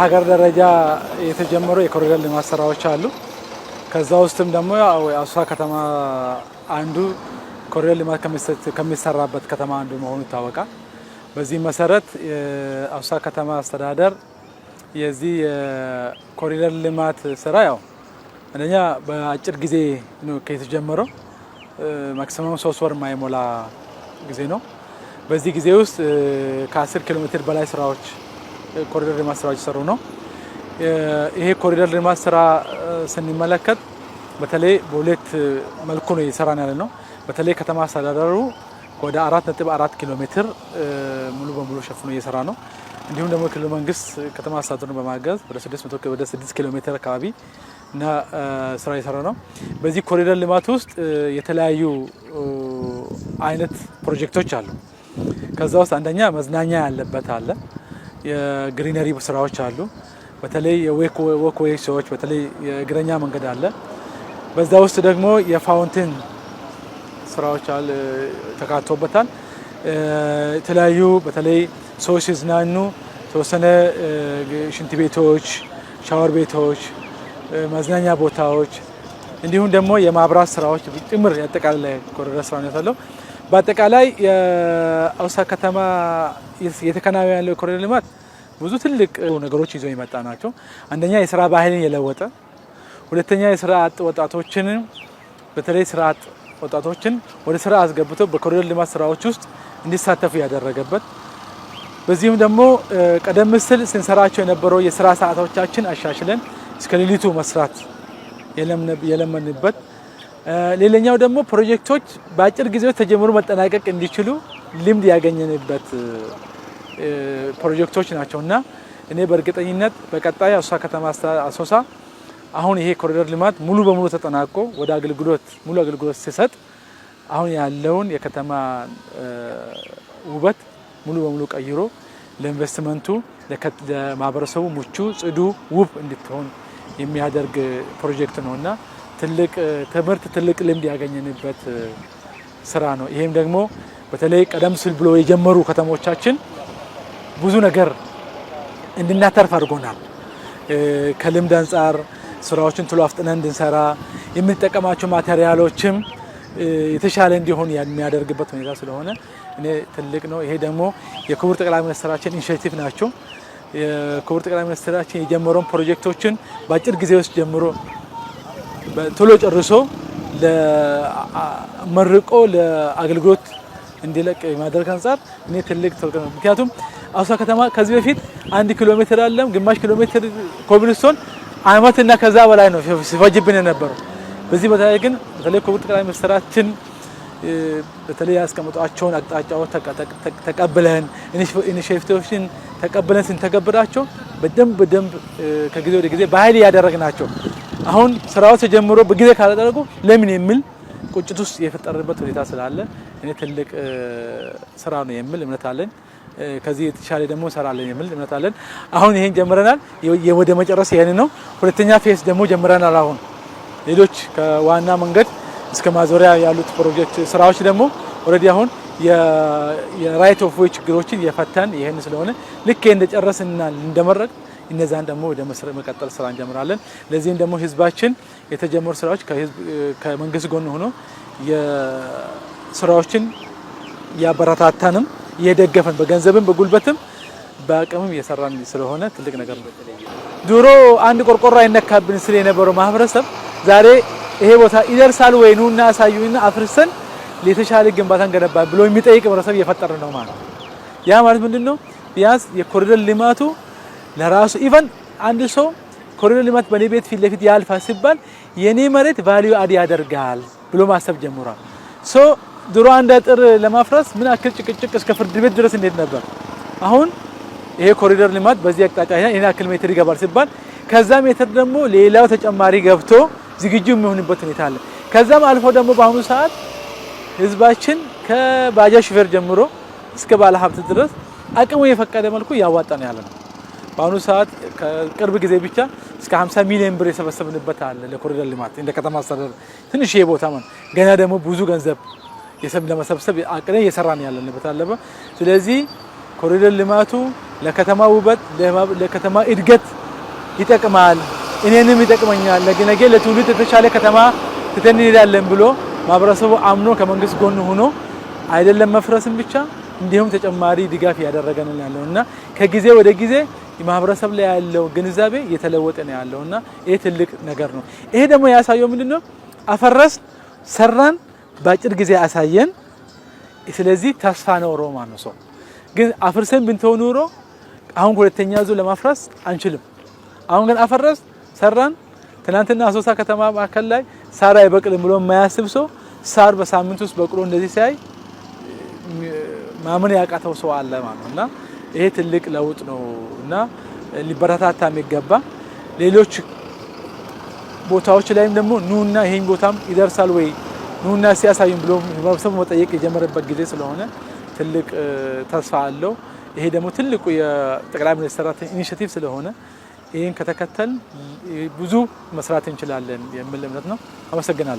በሀገር ደረጃ የተጀመሩ የኮሪደር ልማት ስራዎች አሉ። ከዛ ውስጥም ደግሞ አሶሳ ከተማ አንዱ ኮሪደር ልማት ከሚሰራበት ከተማ አንዱ መሆኑ ይታወቃል። በዚህ መሰረት የአሶሳ ከተማ አስተዳደር የዚህ የኮሪደር ልማት ስራ ያው አንደኛ በአጭር ጊዜ ነው የተጀመረው። ማክሲማም ሶስት ወር የማይሞላ ጊዜ ነው። በዚህ ጊዜ ውስጥ ከ ኪሎ ሜትር በላይ ስራዎች ኮሪደር ልማት ስራዎች ሰሩ ነው። ይሄ ኮሪደር ልማት ስራ ስንመለከት በተለይ በሁለት መልኩ ነው እየሰራን ያለ ነው። በተለይ ከተማ አስተዳደሩ ወደ አራት ነጥብ አራት ኪሎ ሜትር ሙሉ በሙሉ ሸፍኖ እየሰራ ነው። እንዲሁም ደግሞ ክልል መንግስት ከተማ አስተዳደሩን በማገዝ ወደ ስድስት ኪሎ ሜትር አካባቢ እና ስራ እየሰራ ነው። በዚህ ኮሪደር ልማት ውስጥ የተለያዩ አይነት ፕሮጀክቶች አሉ። ከዛ ውስጥ አንደኛ መዝናኛ ያለበት አለ። የግሪነሪ ስራዎች አሉ። በተለይ የወክዌይ ሰዎች በተለይ የእግረኛ መንገድ አለ። በዛ ውስጥ ደግሞ የፋውንቴን ስራዎች ተካቶበታል። የተለያዩ በተለይ ሰዎች ሲዝናኑ ተወሰነ ሽንት ቤቶች፣ ሻወር ቤቶች፣ መዝናኛ ቦታዎች እንዲሁም ደግሞ የማብራት ስራዎች ጭምር ያጠቃልላል ኮሪደር ስራ ነው ያለው። በአጠቃላይ የአውሳ ከተማ የተከናወነ ያለው የኮሪደር ልማት ብዙ ትልቅ ነገሮች ይዞ የመጣ ናቸው። አንደኛ የስራ ባህልን የለወጠ፣ ሁለተኛ የስራ አጥ ወጣቶችን በተለይ ስራ አጥ ወጣቶችን ወደ ስራ አስገብቶ በኮሪደር ልማት ስራዎች ውስጥ እንዲሳተፉ ያደረገበት፣ በዚህም ደግሞ ቀደም ሲል ስንሰራቸው የነበረው የስራ ሰዓቶቻችን አሻሽለን እስከ ሌሊቱ መስራት የለመንበት ሌላኛው ደግሞ ፕሮጀክቶች በአጭር ጊዜ ተጀምሮ መጠናቀቅ እንዲችሉ ልምድ ያገኘንበት ፕሮጀክቶች ናቸው እና እኔ በእርግጠኝነት በቀጣይ አሶሳ ከተማ አሶሳ አሁን ይሄ ኮሪደር ልማት ሙሉ በሙሉ ተጠናቆ ወደ አገልግሎት ሙሉ አገልግሎት ሲሰጥ አሁን ያለውን የከተማ ውበት ሙሉ በሙሉ ቀይሮ ለኢንቨስትመንቱ ለማህበረሰቡ ምቹ፣ ጽዱ፣ ውብ እንድትሆን የሚያደርግ ፕሮጀክት ነውና ትልቅ ትምህርት፣ ትልቅ ልምድ ያገኘንበት ስራ ነው። ይህም ደግሞ በተለይ ቀደም ሲል ብሎ የጀመሩ ከተሞቻችን ብዙ ነገር እንድናተርፍ አድርጎናል። ከልምድ አንጻር ስራዎችን ቶሎ አፍጥነን እንድንሰራ የምንጠቀማቸው ማቴሪያሎችም የተሻለ እንዲሆን የሚያደርግበት ሁኔታ ስለሆነ እኔ ትልቅ ነው። ይሄ ደግሞ የክቡር ጠቅላይ ሚኒስትራችን ኢኒሼቲቭ ናቸው። የክቡር ጠቅላይ ሚኒስትራችን የጀመረውን ፕሮጀክቶችን በአጭር ጊዜ ውስጥ ጀምሮ ቶሎ ጨርሶ መርቆ ለአገልግሎት እንዲለቅ የማድረግ አንጻር እኔ ትልቅ ነው። ምክንያቱም አዋሳ ከተማ ከዚህ በፊት አንድ ኪሎ ሜትር አለም ግማሽ ኪሎ ሜትር ኮብልስቶን አመት እና ከዛ በላይ ነው ሲፈጅብን የነበረው። በዚህ ቦታ ላይ ግን በተለይ ክቡር ጠቅላይ ሚኒስትራችን በተለይ ያስቀምጧቸውን አቅጣጫዎች ተቀብለን ኢኒሽቲቭሽን ተቀብለን ስንተገብራቸው በደንብ በደንብ ከጊዜ ወደ ጊዜ ባህል ናቸው። አሁን ስራው ተጀምሮ በጊዜ ካላደረጉ ለምን የሚል ቁጭት ውስጥ የፈጠረበት ሁኔታ ስላለ እኔ ትልቅ ስራ ነው የሚል እምነት አለኝ። ከዚህ የተሻለ ደግሞ እንሰራለን የሚል እምነት አለን። አሁን ይሄን ጀምረናል። ወደ መጨረስ ይሄን ነው። ሁለተኛ ፌስ ደግሞ ጀምረናል። አሁን ሌሎች ከዋና መንገድ እስከ ማዞሪያ ያሉት ፕሮጀክት ስራዎች ደግሞ ኦልሬዲ አሁን የራይት ኦፍ ዌይ ችግሮችን የፈተን ይሄን ስለሆነ ልክ እንደጨረስና እንደመረቅ እነዛን ደግሞ ወደ መቀጠል ስራ እንጀምራለን። ለዚህም ደግሞ ህዝባችን የተጀመሩ ስራዎች ከመንግስት ጎን ሆኖ ስራዎችን ያበረታታንም እየደገፈን በገንዘብም በጉልበትም በአቅምም እየሰራን ስለሆነ ትልቅ ነገር ነው። ድሮ አንድ ቆርቆሮ አይነካብን ስል የነበረው ማህበረሰብ ዛሬ ይሄ ቦታ ይደርሳል ወይ ኑና አሳዩና አፍርሰን የተሻለ ግንባታን ገነባ ብሎ የሚጠይቅ ህብረተሰብ እየፈጠረ ነው ማለት። ያ ማለት ምንድነው? ቢያንስ የኮሪደር ልማቱ ለራሱ ኢቨን አንድ ሰው ኮሪደር ልማት በኔ ቤት ፊት ለፊት ያልፋ ሲባል የኔ መሬት ቫሊዩ አድ ያደርጋል ብሎ ማሰብ ጀምሯል። ሶ ድሮ አንድ አጥር ለማፍረስ ምን አክል ጭቅጭቅ እስከ ፍርድ ቤት ድረስ እንዴት ነበር። አሁን ይሄ ኮሪደር ልማት በዚህ አቅጣጫ ይሄን አክል ሜትር ይገባል ሲባል ከዛ ሜትር ደግሞ ሌላው ተጨማሪ ገብቶ ዝግጁ የሚሆንበት ሁኔታ አለ። ከዛም አልፎ ደግሞ በአሁኑ ሰዓት ህዝባችን ከባጃጅ ሹፌር ጀምሮ እስከ ባለሀብት ድረስ አቅሙ የፈቀደ መልኩ እያዋጣ ነው ያለ ነው። በአሁኑ ሰዓት ቅርብ ጊዜ ብቻ እስከ 50 ሚሊዮን ብር የሰበሰብንበት አለ ለኮሪደር ልማት እንደ ከተማ አስተዳደር ትንሽ ይሄ ቦታ ማለት ገና ደግሞ ብዙ ገንዘብ የሰብ ለመሰብሰብ አቅደን እየሰራን ያለንበት አለበ። ስለዚህ ኮሪደር ልማቱ ለከተማ ውበት፣ ለከተማ እድገት ይጠቅማል፣ እኔንም ይጠቅመኛል፣ ነገ ለትውልድ የተሻለ ከተማ ትተን እንሄዳለን ብሎ ማህበረሰቡ አምኖ ከመንግስት ጎን ሆኖ አይደለም መፍረስም ብቻ እንዲሁም ተጨማሪ ድጋፍ እያደረገን ያለው እና ከጊዜ ወደ ጊዜ የማህበረሰብ ላይ ያለው ግንዛቤ እየተለወጠ ነው ያለው እና ይሄ ትልቅ ነገር ነው። ይሄ ደግሞ ያሳየው ምንድን ነው? አፈረስ ሰራን በአጭር ጊዜ አሳየን። ስለዚህ ተስፋ ነው ሮማ ነው ሰው ግን አፍርሰን ብንተው ኑሮ አሁን ሁለተኛ ዙር ለማፍረስ አንችልም። አሁን ግን አፈረስ ሰራን። ትናንትና አሶሳ ከተማ ማዕከል ላይ ሳር አይበቅልም ብሎ የማያስብ ሰው ሳር በሳምንት ውስጥ በቅሎ እንደዚህ ሲያይ ማመን ያቃተው ሰው አለ ማለት ነውና ይሄ ትልቅ ለውጥ ነው እና ሊበረታታ የሚገባ ሌሎች ቦታዎች ላይም ደግሞ ኑና ይሄን ቦታም ይደርሳል ወይ ኑና ሲያሳዩም ብሎ ህብረተሰቡ መጠየቅ የጀመረበት ጊዜ ስለሆነ ትልቅ ተስፋ አለው። ይሄ ደግሞ ትልቁ የጠቅላይ ሚኒስትር ኢኒሽቲቭ ስለሆነ ይህን ከተከተል ብዙ መስራት እንችላለን የሚል እምነት ነው። አመሰግናለሁ።